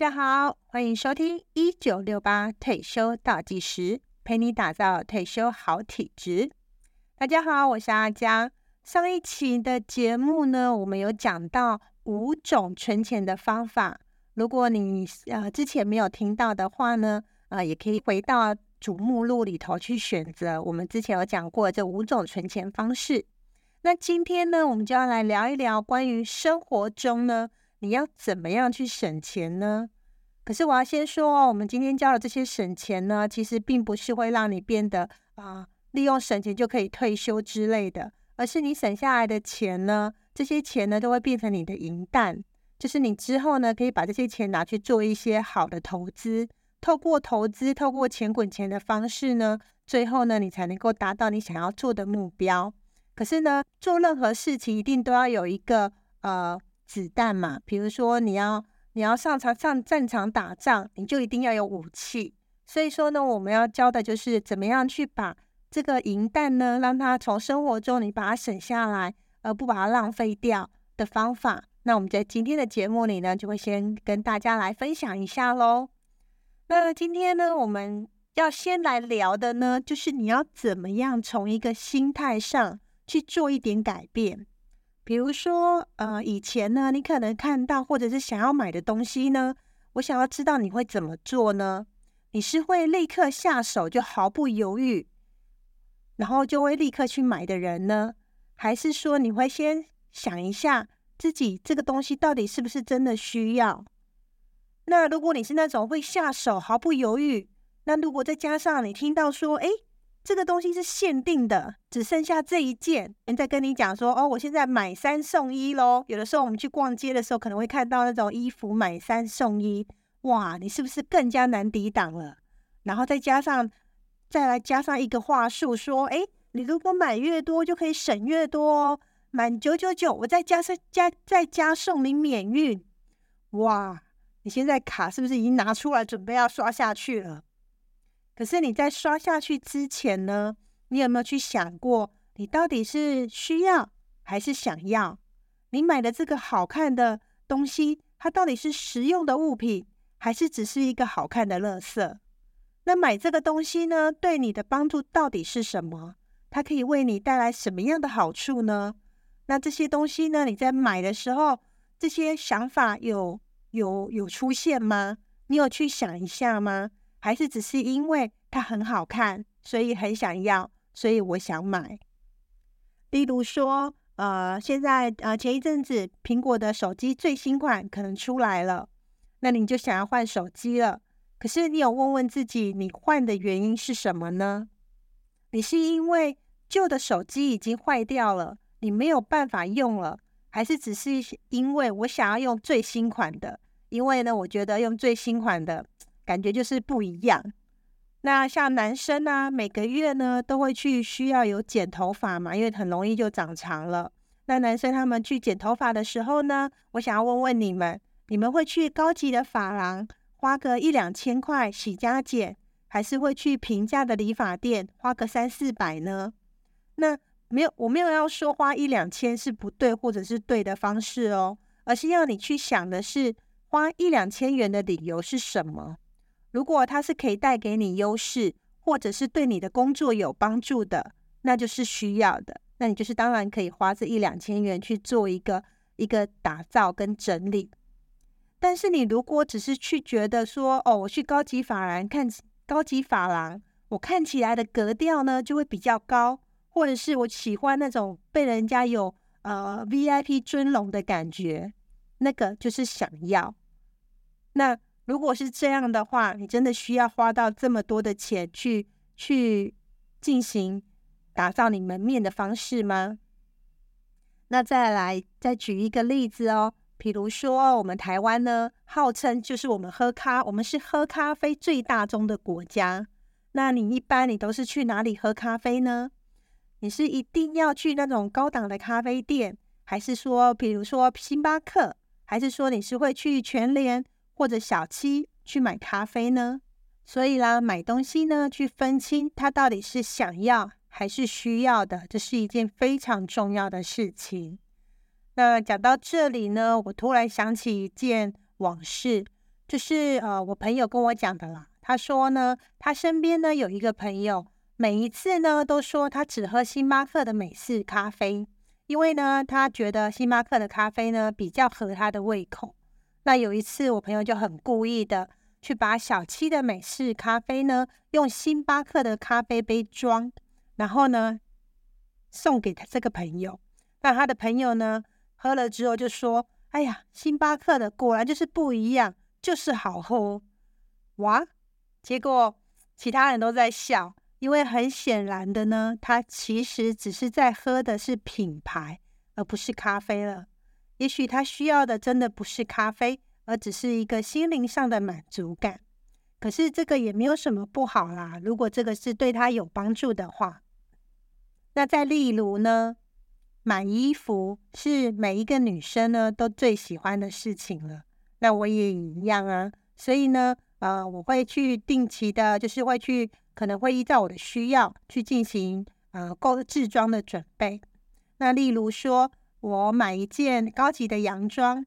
大家好，歡迎收聽一九六八退休倒計時，陪你打造退休好體質。大家好，我是阿佳。上一期的節目呢，我們有講到五種存錢的方法。如果你呃之前沒有聽到的話呢，啊、呃，也可以回到主目錄裡頭去選擇。我們之前有講過這五種存錢方式。那今天呢，我們就要來聊一聊關於生活中呢，你要怎麼樣去省錢呢？可是我要先說哦，我們今天教的這些省錢呢，其實並不是會讓你變得啊，利用省錢就可以退休之類的。而是你省下來的錢呢，這些錢呢，都會變成你的銀彈。就是你之後呢，可以把這些錢拿去做一些好的投資，透過投資，透過錢滾錢的方式呢，最後呢，你才能夠達到你想要做的目標。可是呢，做任何事情一定都要有一個呃子彈嘛，比如說你要。你要上場上戰場打仗，你就一定要有武器。所以說呢，我們要教的就是怎麼樣去把這個銀彈呢，讓它從生活中你把它省下來，而不把它浪費掉的方法。那我們在今天的節目裡呢，就會先跟大家來分享一下嘍。那今天呢，我們要先來聊的呢，就是你要怎麼樣從一個心態上去做一點改變。比如說，呃，以前呢，你可能看到或者是想要買的東西呢，我想要知道你會怎麼做呢？你是會立刻下手就毫不猶豫，然後就會立刻去買的人呢，還是說你會先想一下自己這個東西到底是不是真的需要？那如果你是那種會下手毫不猶豫，那如果再加上你聽到說，哎。這個東西是限定的，只剩下這一件。人在跟你講說：“哦，我現在買三送一咯。有的時候我們去逛街的時候，可能會看到那種衣服買三送一，哇，你是不是更加難抵擋了？然後再加上再來加上一個話術說：“誒，你如果買越多就可以省越多哦，滿九九九我再加上加再加送你免運。”哇，你現在卡是不是已經拿出來準備要刷下去了？可是你在刷下去之前呢，你有沒有去想過，你到底是需要還是想要？你買的這個好看的東西，它到底是實用的物品，還是只是一個好看的垃圾？那買這個東西呢，對你的幫助到底是什麼？它可以為你帶來什麼樣的好處呢？那這些東西呢，你在買的時候，這些想法有有有出現嗎？你有去想一下嗎？還是只是因為它很好看，所以很想要，所以我想買。例如說，呃，現在啊、呃，前一陣子蘋果的手機最新款可能出來了，那你就想要換手機了。可是你有問問自己，你換的原因是什麼呢？你是因為舊的手機已經壞掉了，你沒有辦法用了，還是只是因為我想要用最新款的？因為呢，我覺得用最新款的。感覺就是不一樣。那像男生呢、啊，每個月呢都會去需要有剪頭髮嘛，因為很容易就長長了。那男生他們去剪頭髮的時候呢，我想要問問你們，你們會去高級的髮廊花個一兩千塊洗加剪，還是會去平價的理髮店花個三四百呢？那沒有，我沒有要說花一兩千是不對或者是對的方式哦，而是要你去想的是花一兩千元的理由是什麼。如果它是可以帶給你優勢，或者是對你的工作有幫助的，那就是需要的。那你就是當然可以花這一兩千元去做一個一個打造跟整理。但是你如果只是去覺得說，哦，我去高級髮廊看高級髮廊，我看起來的格調呢，就會比較高，或者是我喜歡那種被人家有呃 VIP 尊榮的感覺，那個就是想要那。如果是這樣的話，你真的需要花到這麼多的錢去去進行打造你門面的方式嗎？那再來再舉一個例子哦，比如說我們台灣呢，號稱就是我們喝咖，我們是喝咖啡最大宗的國家。那你一般你都是去哪裡喝咖啡呢？你是一定要去那種高檔的咖啡店，還是說比如說星巴克，還是說你是會去全聯？或者小七去買咖啡呢？所以啦，買東西呢，去分清他到底是想要還是需要的，這是一件非常重要的事情。那講到這裡呢，我突然想起一件往事，就是呃，我朋友跟我講的啦。他說呢，他身邊呢有一個朋友，每一次呢都說他只喝星巴克的美式咖啡，因為呢，他覺得星巴克的咖啡呢比較合他的胃口。那有一次，我朋友就很故意的去把小七的美式咖啡呢，用星巴克的咖啡杯裝，然後呢送給他這個朋友。那他的朋友呢喝了之後就說：“哎呀，星巴克的果然就是不一樣，就是好喝。”哇！結果其他人都在笑，因為很顯然的呢，他其實只是在喝的是品牌，而不是咖啡了。也許他需要的真的不是咖啡，而只是一個心靈上的滿足感。可是這個也沒有什麼不好啦。如果這個是對他有幫助的話，那再例如呢，買衣服是每一個女生呢都最喜歡的事情了。那我也一樣啊。所以呢，呃，我會去定期的，就是會去，可能會依照我的需要去進行呃購置裝的準備。那例如說，我買一件高級的洋裝，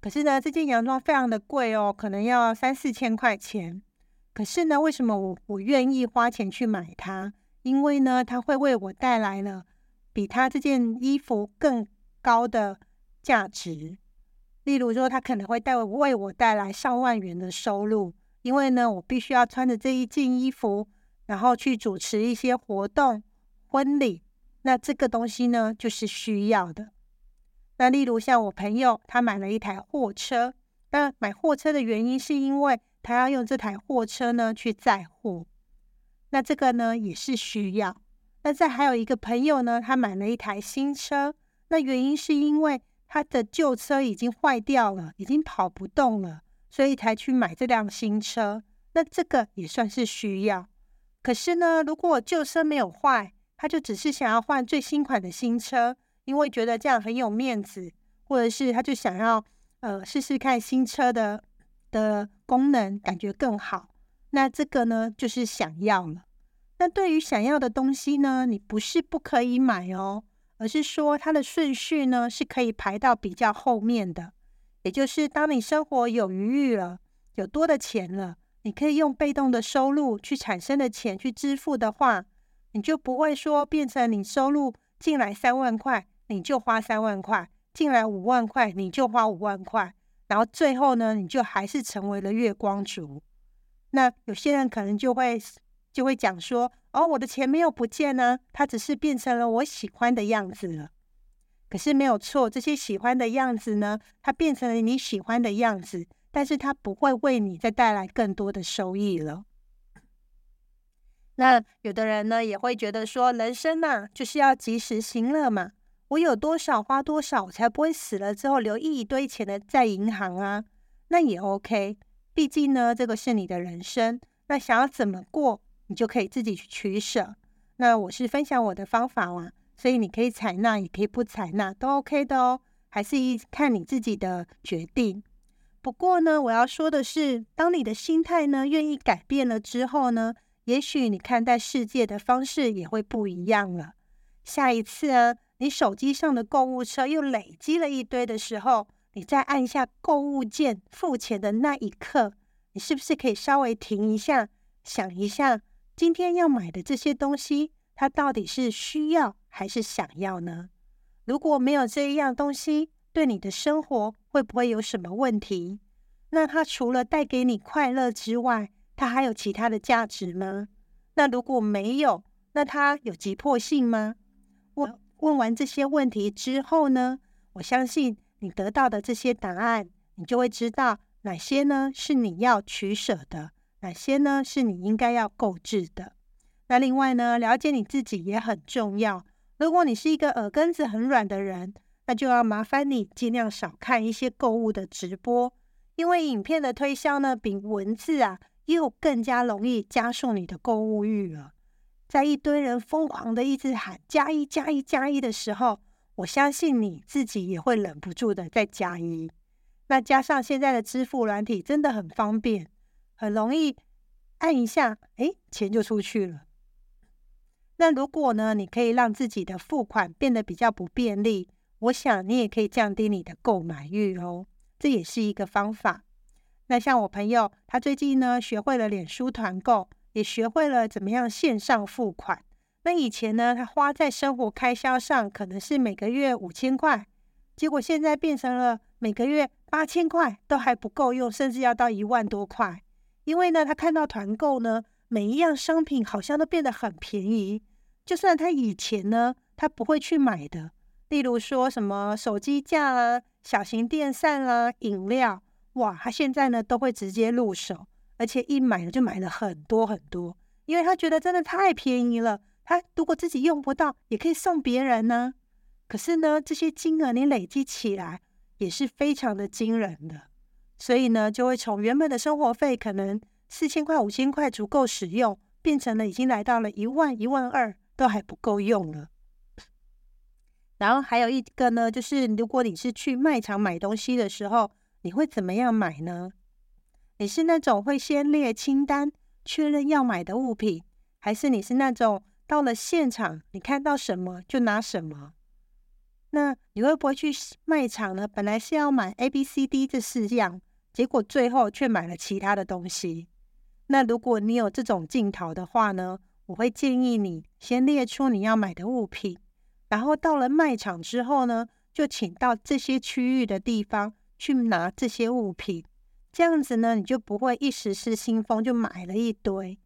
可是呢，這件洋裝非常的貴哦，可能要三四千塊錢。可是呢，為什麼我我願意花錢去買它？因為呢，它會為我帶來了比他這件衣服更高的價值。例如說，他可能會帶為我帶來上萬元的收入，因為呢，我必須要穿着這一件衣服，然後去主持一些活動、婚禮。那這個東西呢，就是需要的。那例如像我朋友，他買了一台貨車，那買貨車的原因是因為他要用這台貨車呢去載貨。那這個呢也是需要。那再還有一個朋友呢，他買了一台新車，那原因是因為他的舊車已經壞掉了，已經跑不動了，所以才去買這輛新車。那這個也算是需要。可是呢，如果我舊車沒有壞，他就只是想要換最新款的新車，因為覺得這樣很有面子，或者是他就想要呃試試看新車的的功能，感覺更好。那這個呢就是想要了。那對於想要的東西呢，你不是不可以買哦，而是說它的順序呢是可以排到比較後面的。也就是當你生活有餘裕了，有多的錢了，你可以用被動的收入去產生的錢去支付的話。你就不會說變成你收入進來三萬塊，你就花三萬塊；進來五萬塊，你就花五萬塊。然後最後呢，你就還是成為了月光族。那有些人可能就會就會講說：“哦，我的錢沒有不見呢，它只是變成了我喜歡的樣子了。”可是沒有錯，這些喜歡的樣子呢，它變成了你喜歡的樣子，但是它不會為你再帶來更多的收益了。那有的人呢也會覺得說，人生呢、啊、就是要及時行樂嘛，我有多少花多少，我才不會死了之後留一,一堆錢的在銀行啊。那也 OK，畢竟呢這個是你的人生，那想要怎麼過，你就可以自己去取捨。那我是分享我的方法啊，所以你可以採納，也可以不採納，都 OK 的哦，還是一看你自己的決定。不過呢，我要說的是，當你的心態呢願意改變了之後呢。也許你看待世界的方式也會不一樣了。下一次呢，你手機上的購物車又累積了一堆的時候，你再按下購物鍵付錢的那一刻，你是不是可以稍微停一下，想一下，今天要買的這些東西，它到底是需要還是想要呢？如果沒有這一樣東西，對你的生活會不會有什麼問題？那它除了帶給你快樂之外，它還有其他的價值嗎？那如果沒有，那它有急迫性嗎？問問完這些問題之後呢，我相信你得到的這些答案，你就會知道哪些呢是你要取捨的，哪些呢是你應該要購置的。那另外呢，了解你自己也很重要。如果你是一個耳根子很軟的人，那就要麻煩你盡量少看一些購物的直播，因為影片的推銷呢，比文字啊。又更加容易加速你的購物欲了。在一堆人瘋狂的一直喊“加一、加一、加一”的時候，我相信你自己也會忍不住的再加一。那加上現在的支付軟體真的很方便，很容易按一下，哎，錢就出去了。那如果呢，你可以讓自己的付款變得比較不便利，我想你也可以降低你的購買欲哦，這也是一個方法。那像我朋友，他最近呢學會了臉書團購，也學會了怎麼樣線上付款。那以前呢，他花在生活開銷上可能是每個月五千塊，結果現在變成了每個月八千塊都還不夠用，甚至要到一萬多塊。因為呢，他看到團購呢，每一樣商品好像都變得很便宜。就算他以前呢，他不會去買的，例如說什麼手機架啦、啊、小型電扇啦、啊、飲料。哇，他現在呢都會直接入手，而且一買了就買了很多很多，因為他覺得真的太便宜了。他如果自己用不到，也可以送別人呢，啊。可是呢，這些金額你累積起來也是非常的驚人的，所以呢，就會從原本的生活費可能四千塊、五千塊足夠使用，變成了已經來到了一萬、一萬二都還不夠用了。然後還有一個呢，就是如果你是去賣場買東西的時候，你會怎麼樣買呢？你是那種會先列清單確認要買的物品，還是你是那種到了現場你看到什麼就拿什麼？那你會不會去賣場呢？本來是要買 A、B、C、D 這四樣，結果最後卻買了其他的東西。那如果你有這種鏡頭的話呢，我會建議你先列出你要買的物品，然後到了賣場之後呢，就請到這些區域的地方。去拿這些物品，這樣子呢，你就不會一時失心瘋就買了一堆。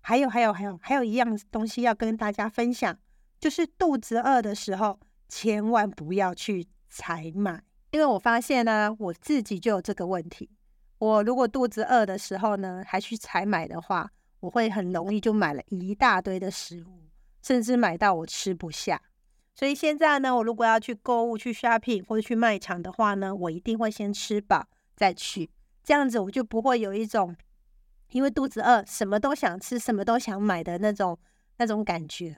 還有，還有，還有，還有一樣東西要跟大家分享，就是肚子餓的時候，千萬不要去採買，因為我發現呢、啊，我自己就有這個問題。我如果肚子餓的時候呢，還去採買的話，我會很容易就買了一大堆的食物，甚至買到我吃不下。所以現在呢，我如果要去購物，去 shopping 或者去賣場的話呢，我一定會先吃飽再去，這樣子我就不會有一種因為肚子餓什麼都想吃，什麼都想買的那種那種感覺了。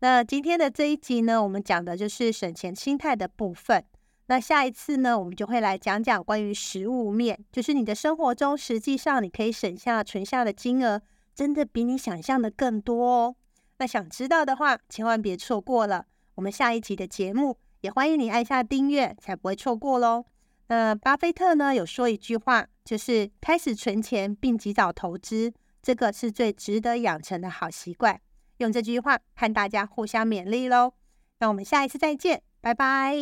那今天的這一集呢，我們講的就是省錢心態的部分。那下一次呢，我們就會來講講關於食物面，就是你的生活中實際上你可以省下存下的金額，真的比你想象的更多哦。那想知道的話，千萬別錯過了我們下一集的節目，也歡迎你按下訂閱，才不會錯過嘍。那巴菲特呢，有說一句話，就是開始存錢並及早投資，這個是最值得養成的好習慣。用這句話和大家互相勉勵嘍。那我們下一次再見，拜拜。